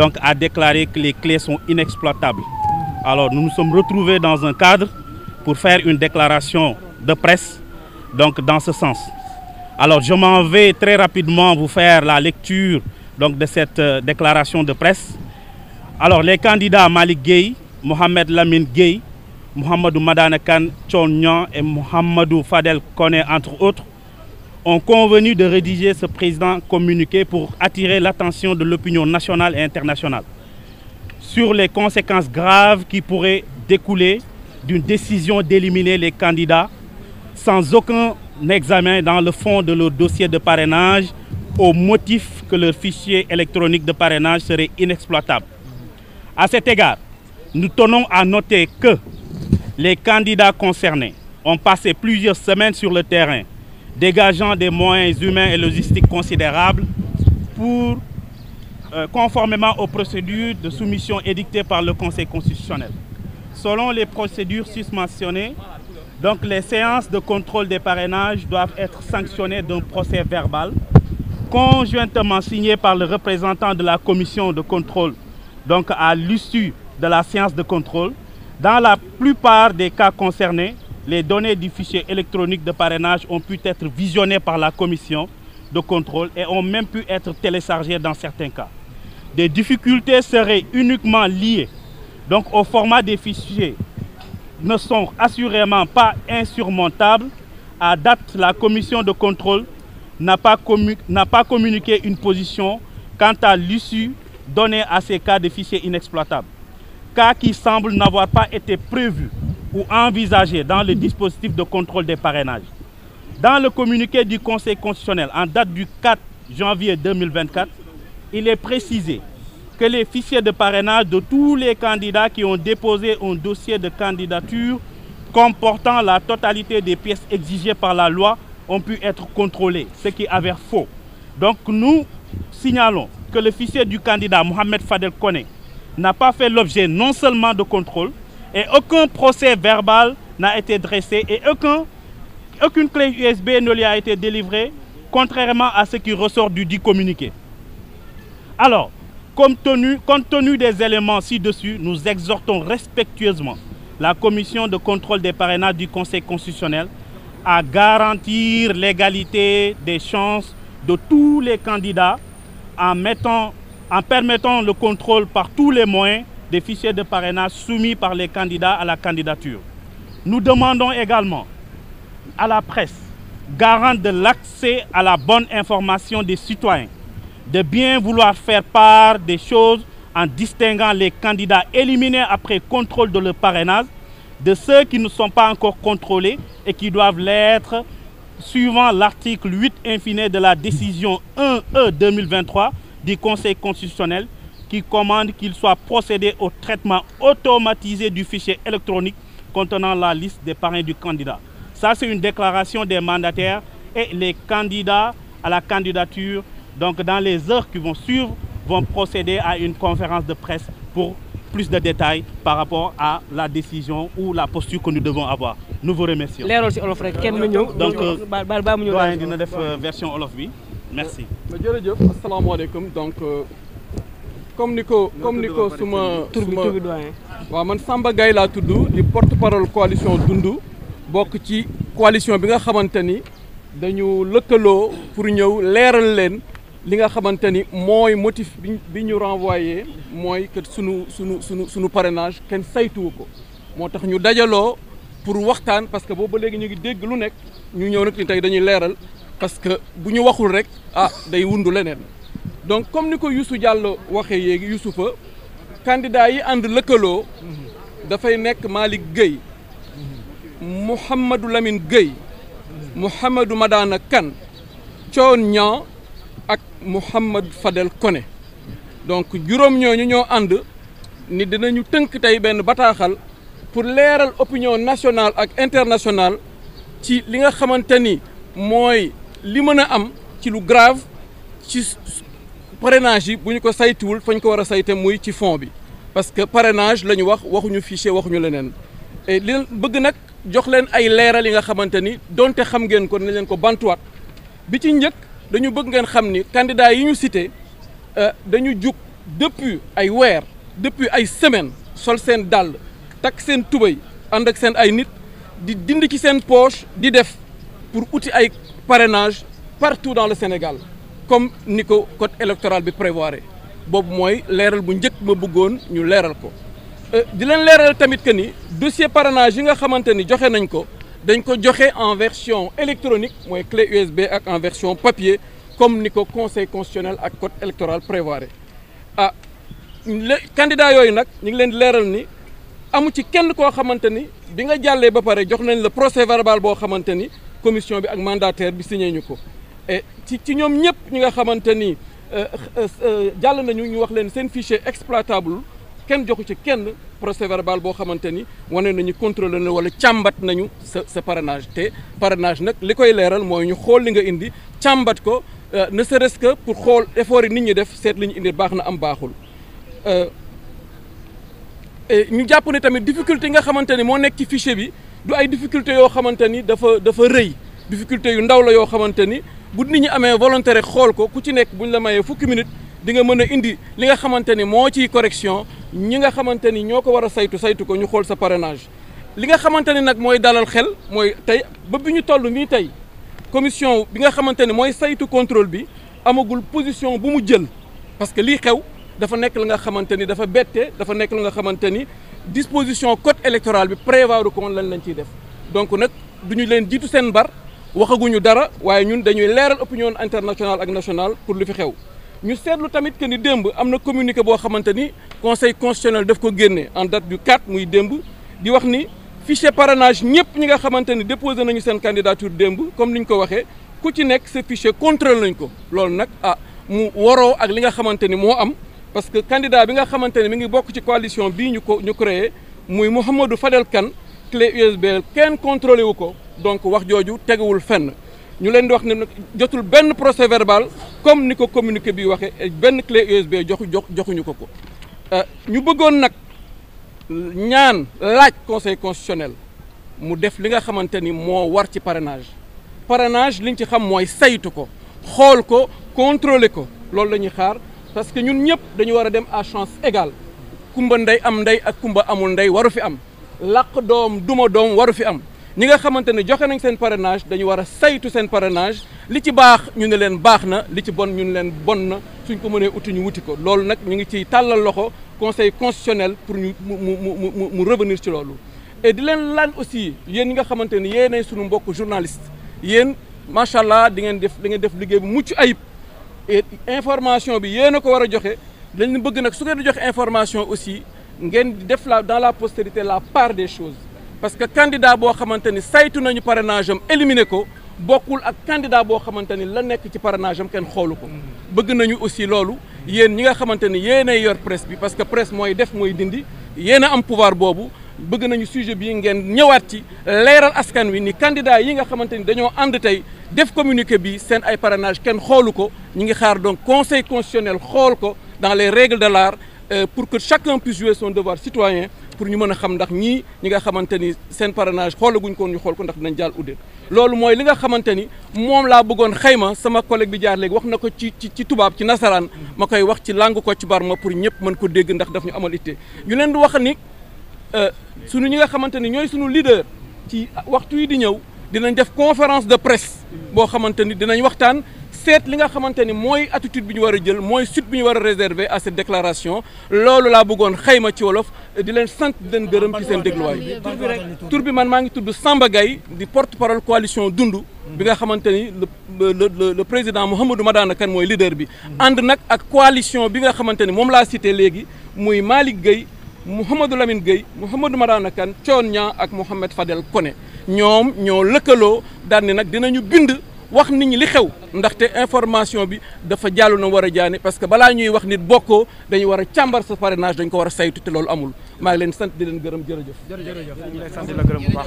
donc à déclaré que les clés sont inexploitables. Alors nous nous sommes retrouvés dans un cadre pour faire une déclaration de presse, donc dans ce sens. Alors je m'en vais très rapidement vous faire la lecture donc, de cette euh, déclaration de presse. Alors les candidats Malik Gueye, Mohamed Lamine Gueye, Mohamedou Madanakan Khan, Chon et Mohamedou Fadel Kone, entre autres, ont convenu de rédiger ce président communiqué pour attirer l'attention de l'opinion nationale et internationale sur les conséquences graves qui pourraient découler d'une décision d'éliminer les candidats sans aucun examen dans le fond de leur dossier de parrainage au motif que leur fichier électronique de parrainage serait inexploitable. À cet égard, nous tenons à noter que les candidats concernés ont passé plusieurs semaines sur le terrain dégageant des moyens humains et logistiques considérables pour, euh, conformément aux procédures de soumission édictées par le Conseil constitutionnel. Selon les procédures susmentionnées, donc les séances de contrôle des parrainages doivent être sanctionnées d'un procès verbal conjointement signé par le représentant de la commission de contrôle, donc à l'issue de la séance de contrôle, dans la plupart des cas concernés, les données du fichier électronique de parrainage ont pu être visionnées par la commission de contrôle et ont même pu être téléchargées dans certains cas. Des difficultés seraient uniquement liées donc au format des fichiers ne sont assurément pas insurmontables. À date, la commission de contrôle n'a pas, pas communiqué une position quant à l'issue donnée à ces cas de fichiers inexploitables, cas qui semble n'avoir pas été prévu ou envisagées dans le dispositif de contrôle des parrainages. Dans le communiqué du Conseil constitutionnel en date du 4 janvier 2024, il est précisé que les fichiers de parrainage de tous les candidats qui ont déposé un dossier de candidature comportant la totalité des pièces exigées par la loi ont pu être contrôlés, ce qui avère faux. Donc nous signalons que le fichier du candidat Mohamed Fadel Koné n'a pas fait l'objet non seulement de contrôle, et aucun procès verbal n'a été dressé et aucun, aucune clé USB ne lui a été délivrée, contrairement à ce qui ressort du dit communiqué. Alors, compte tenu, compte tenu des éléments ci-dessus, nous exhortons respectueusement la commission de contrôle des parrainages du Conseil constitutionnel à garantir l'égalité des chances de tous les candidats en, mettant, en permettant le contrôle par tous les moyens des fichiers de parrainage soumis par les candidats à la candidature. Nous demandons également à la presse, garante de l'accès à la bonne information des citoyens, de bien vouloir faire part des choses en distinguant les candidats éliminés après contrôle de leur parrainage de ceux qui ne sont pas encore contrôlés et qui doivent l'être suivant l'article 8 de la décision 1E 2023 du Conseil constitutionnel qui commande qu'il soit procédé au traitement automatisé du fichier électronique contenant la liste des parrains du candidat. Ça, c'est une déclaration des mandataires et les candidats à la candidature, donc dans les heures qui vont suivre, vont procéder à une conférence de presse pour plus de détails par rapport à la décision ou la posture que nous devons avoir. Nous vous remercions. leeral ci olof rek kenn nga ñëw. donc doyen euh, dina def euh, version olof bi merci. comme ni ko comme ni ko suma suma waaw man Samba Gaye laa tudd di porte parole coalition Dundu bokk ci coalition bi nga xamante ni dañu lëkkaloo pour ñëw leeral leen li nga xamante ni mooy motif bi ñu renvoyé mooy que sunu sunu sunu sunu parrainage kenn saytuwu ko moo tax ñu dajaloo pour waxtaan parce que boobu léegi ñu ngi dégg lu nekk ñu ñëw nag ni tey dañuy leeral parce que bu ñu waxul rek ah day wundu leneen donc comme ni ko Youssou Diallo waxee yéegi Youssoufa candidat yi ànd lëkkaloo dafay nekk Malick Gueye Mouhamadou Lamine Gueye Mouhamadou Madana kan coon Niang ak Mouhamad Fadel kone donc juróom ñooñu ñoo ànd ni dinañu tënk tey benn bataaxal pour leeral opinion nationale ak internationale ci li nga xamante ni mooy li mën a am ci lu grave ci parrainage yi bu ñu ko saytuwul fañ ko war a sayte muy ci fond bi parce que parrainage la ñu wax waxuñu fichier waxuñu leneen et li bëgg nag jox leen ay leeral yi nga xamante ni donte xam ngeen ko na leen ko bantuwaat bi ci njëkk dañu bëgg ngeen xam ni candidat yi ñu cité euh, dañu jug depuis ay weer depuis ay semaines sol seen dàll takk seen tubéy ànd ak seen ay nit di dind ci seen poche di def pour uti ay parrainage partout dans le Sénégal comme ni ko code électoral bi prévoir boobu mooy leeral bu njëkk ma buggoon ñu leeral ko euh, di leen leeral tamit que ni dossier parrainage yi nga xamante ni joxe nañ ko dañ ko joxe en version électronique mooy clé USB ak en version papier comme ni ko conseil constitutionnel ak code électoral prévoir ah le yooyu nag ñu ngi leen leeral ni amu ci kenn koo xamante ni bi nga jàllee ba pare jox nañ la procès verbal boo xamante ni commission bi ak mandataire bi signé ñu ko Eh, ci ci ñoom ñëpp ñi nga xamante ni eh, eh, jàll nañu ñu wax leen seen fichier exploitable kenn joxu ci kenn procès verbal boo xamante ni wane nañu contrôlé na wala càmbat nañu sa sa parrainage te parenage nag li koy leeral mooy ñu xool li nga indi càmbat ko ne sa resque pour xool effort yi nit ñi def seet li ñu indi baax na am baaxul. ñu jàpp ne tamit difficulté yi nga xamante ni moo nekk ci fichier bi du ay difficulté yoo xamante ni dafa dafa rëy difficulté yu ndaw la yoo xamante ni. bu nit ñi amee volontaire xool ko ku ci nekk bu ñu la mayee fukki minute di nga mën a indi li nga xamante ni moo ciy correction ñi nga xamante ni ñoo ko war a saytu saytu ko ñu xool sa parrainage. li nga xamante ni nag mooy dalal xel mooy tey ba bi ñu toll nii tey commission bi nga xamante ni mooy saytu contrôle bi amagul position bu mu jël parce que lii xew dafa nekk li nga xamante ni dafa bette dafa nekk li nga xamante ni disposition code électoral bi prévoir ko lan lañ ciy def donc nag du leen jiitu seen bar. waxaguñu dara waaye ñun dañuy leeral opinion internationale ak nationale pour lu fi xew ñu seetlu tamit que ni démb am na communiqué boo xamante ni conseil constitutionnel daf ko génne en date du 4 muy démb di wax ni fichier parrainage ñëpp ñi nga xamante ni déposé nañu seen candidature démb comme ni ñu ko waxee ku ci nekk sa fichier contrôle nañ ko loolu nag ah mu waroo ak li nga xamante ni moo am parce que candidat bi nga xamante ni mi ngi bokk ci coalition bii ñu ko ñu créé muy Mouhamadou Fadel Kane clé USB kenn contrôlé wu ko donc wax jooju teguwul fenn ñu leen di wax ne jotul benn procès verbal comme ni ko communiqué bi waxee benn clé USB joxu jox joxuñu ko ko euh, ñu bëggoon nag ñaan laaj conseil constitutionnel mu def li nga xamante ni moo war ci parrainage parrainage liñ ci xam mooy saytu ko xool ko contrôler ko loolu la ñuy xaar parce que ñun ñëpp dañu war a dem à chance égale kumba ndey am ndey ak kumba amul ndey waru fi am làq doom duma doom waru fi am ñi nga xamante ne joxe nañ seen parrainage dañu war a saytu seen parrainage li ci baax ñu ne leen baax na li ci bon ñu ne leen bon na suñ ko mënee uti ñu wuti ko loolu nag ñu ngi ciy tàllal loxo conseil constitutionnel pour ñu mu mu mu mu revenir ci loolu. et di leen lan aussi yéen ñi nga xamante ne yéenay suñu mbokk journaliste yéen macha allah di ngeen def di ngeen def liggéey bi mucc ayib et information bi yéen a ko war a joxe dañ bëgg nag su ngeen di joxe information aussi. ngeen def la dans la postérité la part des choses parce que candidat boo xamante ni saytu nañu parrainage am éliminé ko bokkul ak candidat boo xamante ni la nekk ci parrainage kenn xoolu ko bëgg nañu aussi loolu yéen ñi nga xamante ni yéenay yor presse bi parce que presse mooy def mooy dindi yéen a am pouvoir boobu bëgg nañu sujet bi ngeen ñëwaat ci leeral askan wi ni candidat yi nga xamante ni dañoo ànd tey def communiqué bi seen ay parrainage kenn xoolu ko ñu ngi xaar donc conseil constitutionnel xool ko dans les règles de l'art Euh, pour que chacun puisse jouer son devoir citoyen pour ñu mën a xam ndax ñii ñi nga xamante ni seen parrainage xoolaguñ ko ñu xool ko ndax dinañ jàll udde loolu mooy li nga xamante ni moom laa bëggoon xayma sama collègue bi jaar léegi wax na ko ci ci ci tubaab ci nasaraan ma koy wax ci langue ko ci barma pour ñëpp mën ko dégg ndax daf ñu amal itte ñu leen di wax ni euh, suñu ñi nga xamante ni ñooy suñu leader ci waxtu yi di ñëw dinañ def conférence de presse boo xamante ni dinañ waxtaan seet li nga xamante ni mooy attitude bi ñu war a jël mooy suite bi ñu war a réserver à cette déclaration loolu laa bëggoon xayma ci wolof di leen sant di leen gërëm ci seen dégluwaay bi tur bi man maa ngi tudd Samba Gaye di porte parole coalition dund bi nga xamante ni le le président Mouhamadou Madana Kane mooy leader bi ànd nag ak coalition bi nga xamante ni moom laa cité léegi muy Malick Gueye Mouhamadou Lamine Gueye Mouhamadou Madana Kane Thion Niang ak Mouhamed Fadel Koné ñoom ñoo lëkkaloo daal nag dinañu bind wax nit ñi li xew ndaxte information bi dafa jàllu na war a jaani parce que balaa ñuy wax nit bokkoo dañu war a càmbar sa parrainage dañ ko war a saytu te loolu amul maa ngi leen sant di leen gërëm jërëjëf. jërëjëf ñu lay sant di la